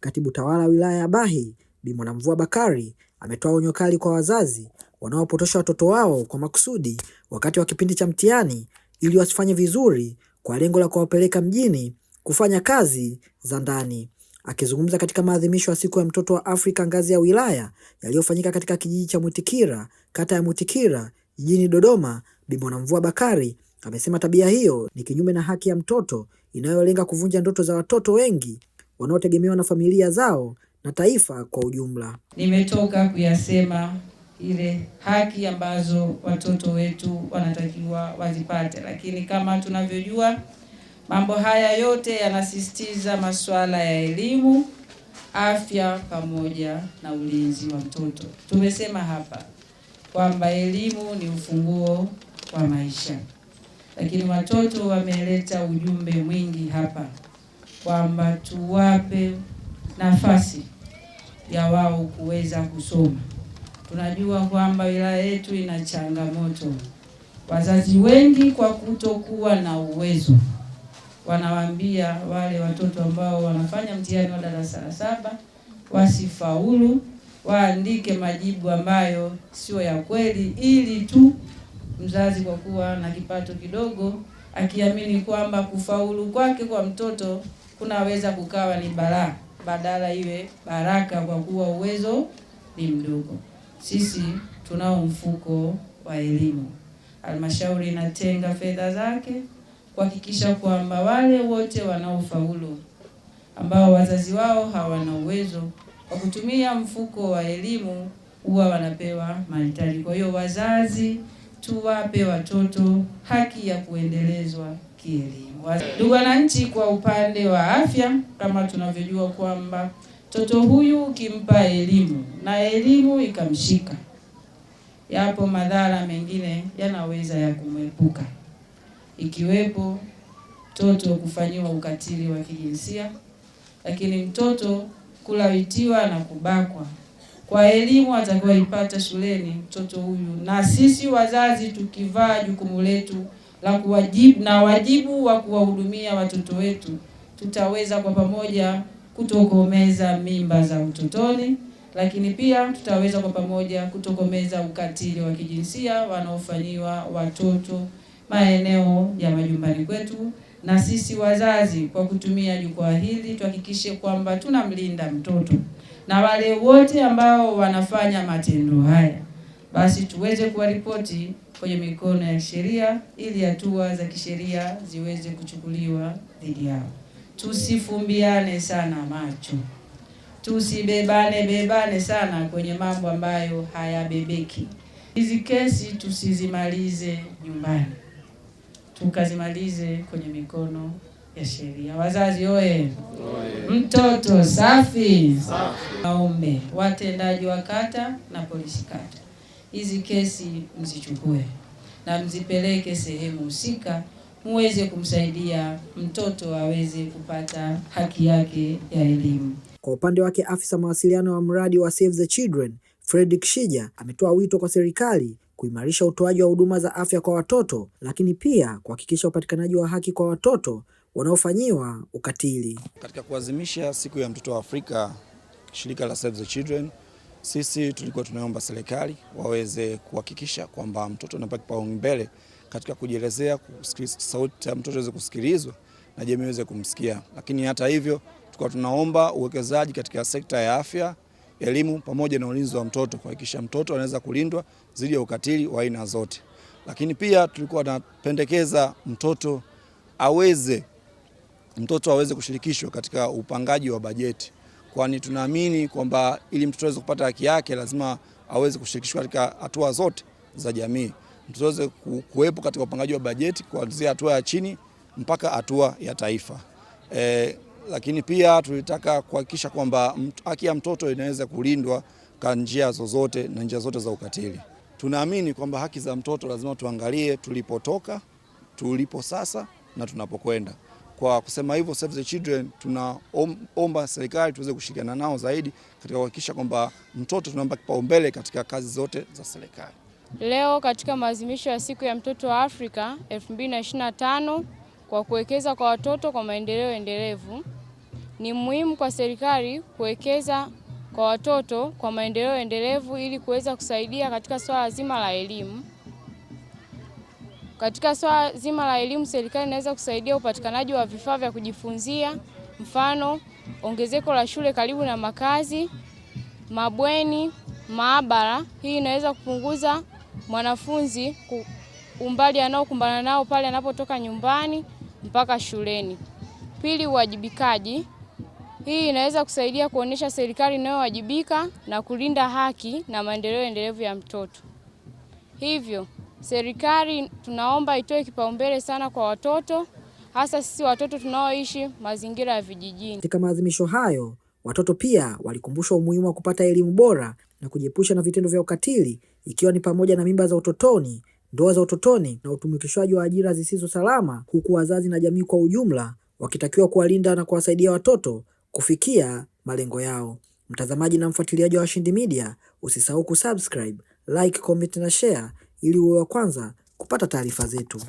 Katibu Tawala Wilaya ya Bahi Bi Mwanamvua Bakari ametoa onyo kali kwa wazazi wanaopotosha watoto wao kwa makusudi wakati wa kipindi cha mtihani ili wasifanye vizuri kwa lengo la kuwapeleka mjini kufanya kazi za ndani. Akizungumza katika maadhimisho ya Siku ya Mtoto wa Afrika ngazi ya wilaya yaliyofanyika katika kijiji cha Mwitikira, kata ya Mwitikira, jijini Dodoma, Bi Mwanamvua Bakari amesema tabia hiyo ni kinyume na haki ya mtoto inayolenga kuvunja ndoto za watoto wengi wanaotegemewa na familia zao na taifa kwa ujumla. Nimetoka kuyasema ile haki ambazo watoto wetu wanatakiwa wazipate, lakini kama tunavyojua mambo haya yote yanasisitiza masuala ya elimu, afya pamoja na ulinzi wa mtoto. Tumesema hapa kwamba elimu ni ufunguo wa maisha, lakini watoto wameleta ujumbe mwingi hapa kwamba tuwape nafasi ya wao kuweza kusoma. Tunajua kwamba wilaya yetu ina changamoto. Wazazi wengi kwa kutokuwa na uwezo wanawaambia wale watoto ambao wanafanya mtihani wa darasa la saba wasifaulu, waandike majibu ambayo sio ya kweli, ili tu mzazi kwa kuwa na kipato kidogo akiamini kwamba kufaulu kwake kwa mtoto kunaweza kukawa ni balaa badala iwe baraka, kwa kuwa uwezo ni mdogo. Sisi tunao mfuko wa elimu, halmashauri inatenga fedha zake kuhakikisha kwamba wale wote wanaofaulu ambao wazazi wao hawana uwezo wa kutumia mfuko wa elimu huwa wanapewa mahitaji. Kwa hiyo wazazi, tuwape watoto haki ya kuendelezwa kilimo. Ndugu wananchi, kwa upande wa afya, kama tunavyojua kwamba mtoto huyu ukimpa elimu na elimu ikamshika, yapo madhara mengine yanaweza ya kumwepuka, ikiwepo mtoto kufanyiwa ukatili wa kijinsia, lakini mtoto kulawitiwa na kubakwa. Kwa elimu atakayoipata shuleni mtoto huyu, na sisi wazazi tukivaa jukumu letu la kuwajibu na wajibu wa kuwahudumia watoto wetu, tutaweza kwa pamoja kutokomeza mimba za utotoni, lakini pia tutaweza kwa pamoja kutokomeza ukatili wa kijinsia wanaofanyiwa watoto maeneo ya majumbani kwetu. Na sisi wazazi, kwa kutumia jukwaa hili, tuhakikishe kwamba tunamlinda mtoto na wale wote ambao wanafanya matendo haya, basi tuweze kuwaripoti kwenye mikono ya sheria ili hatua za kisheria ziweze kuchukuliwa dhidi yao. Tusifumbiane sana macho, tusibebane bebane sana kwenye mambo ambayo hayabebeki. Hizi kesi tusizimalize nyumbani, tukazimalize kwenye mikono ya sheria. Wazazi oye! Mtoto safi! Waombe watendaji wa kata na polisi kata hizi kesi mzichukue na mzipeleke sehemu husika, muweze kumsaidia mtoto aweze kupata haki yake ya elimu. Kwa upande wake, afisa mawasiliano wa mradi wa Save the Children Fredrick Shija ametoa wito kwa serikali kuimarisha utoaji wa huduma za afya kwa watoto, lakini pia kuhakikisha upatikanaji wa haki kwa watoto wanaofanyiwa ukatili. Katika kuadhimisha siku ya mtoto wa Afrika, shirika la Save the Children sisi tulikuwa tunaomba serikali waweze kuhakikisha kwamba mtoto anapata kipaumbele katika kujielezea, sauti ya mtoto iweze kusikilizwa na jamii iweze kumsikia. Lakini hata hivyo, tulikuwa tunaomba uwekezaji katika sekta ya afya, elimu pamoja na ulinzi wa mtoto, kuhakikisha mtoto anaweza kulindwa dhidi ya ukatili wa aina zote. Lakini pia tulikuwa tunapendekeza mtoto aweze mtoto aweze kushirikishwa katika upangaji wa bajeti kwani tunaamini kwamba ili mtoto aweze kupata haki yake lazima aweze kushirikishwa katika hatua zote za jamii. Mtoto aweze kuwepo katika upangaji wa bajeti kuanzia hatua ya chini mpaka hatua ya taifa. E, lakini pia tulitaka kuhakikisha kwamba haki ya mtoto inaweza kulindwa kwa njia zozote na njia zote za ukatili. Tunaamini kwamba haki za mtoto lazima tuangalie tulipotoka, tulipo sasa na tunapokwenda. Kwa kusema hivyo, Save the Children tunaomba serikali tuweze kushirikiana nao zaidi katika kuhakikisha kwamba mtoto tunaomba kipaumbele katika kazi zote za serikali. Leo katika maadhimisho ya siku ya mtoto wa Afrika 2025 kwa kuwekeza kwa watoto kwa maendeleo endelevu, ni muhimu kwa serikali kuwekeza kwa watoto kwa maendeleo endelevu ili kuweza kusaidia katika swala zima la elimu. Katika swala zima la elimu, serikali inaweza kusaidia upatikanaji wa vifaa vya kujifunzia, mfano ongezeko la shule karibu na makazi, mabweni, maabara. Hii inaweza kupunguza mwanafunzi umbali anaokumbana nao pale anapotoka nyumbani mpaka shuleni. Pili, uwajibikaji. Hii inaweza kusaidia kuonyesha serikali inayowajibika na kulinda haki na maendeleo endelevu ya mtoto. Hivyo Serikali tunaomba itoe kipaumbele sana kwa watoto, hasa sisi watoto tunaoishi mazingira ya vijijini. Katika maadhimisho hayo, watoto pia walikumbushwa umuhimu wa kupata elimu bora na kujiepusha na vitendo vya ukatili, ikiwa ni pamoja na mimba za utotoni, ndoa za utotoni na utumikishwaji wa ajira zisizo salama, huku wazazi na jamii kwa ujumla wakitakiwa kuwalinda na kuwasaidia watoto kufikia malengo yao. Mtazamaji na mfuatiliaji wa Washindi Media, usisahau kusubscribe, like, comment na share ili uwe wa kwanza kupata taarifa zetu.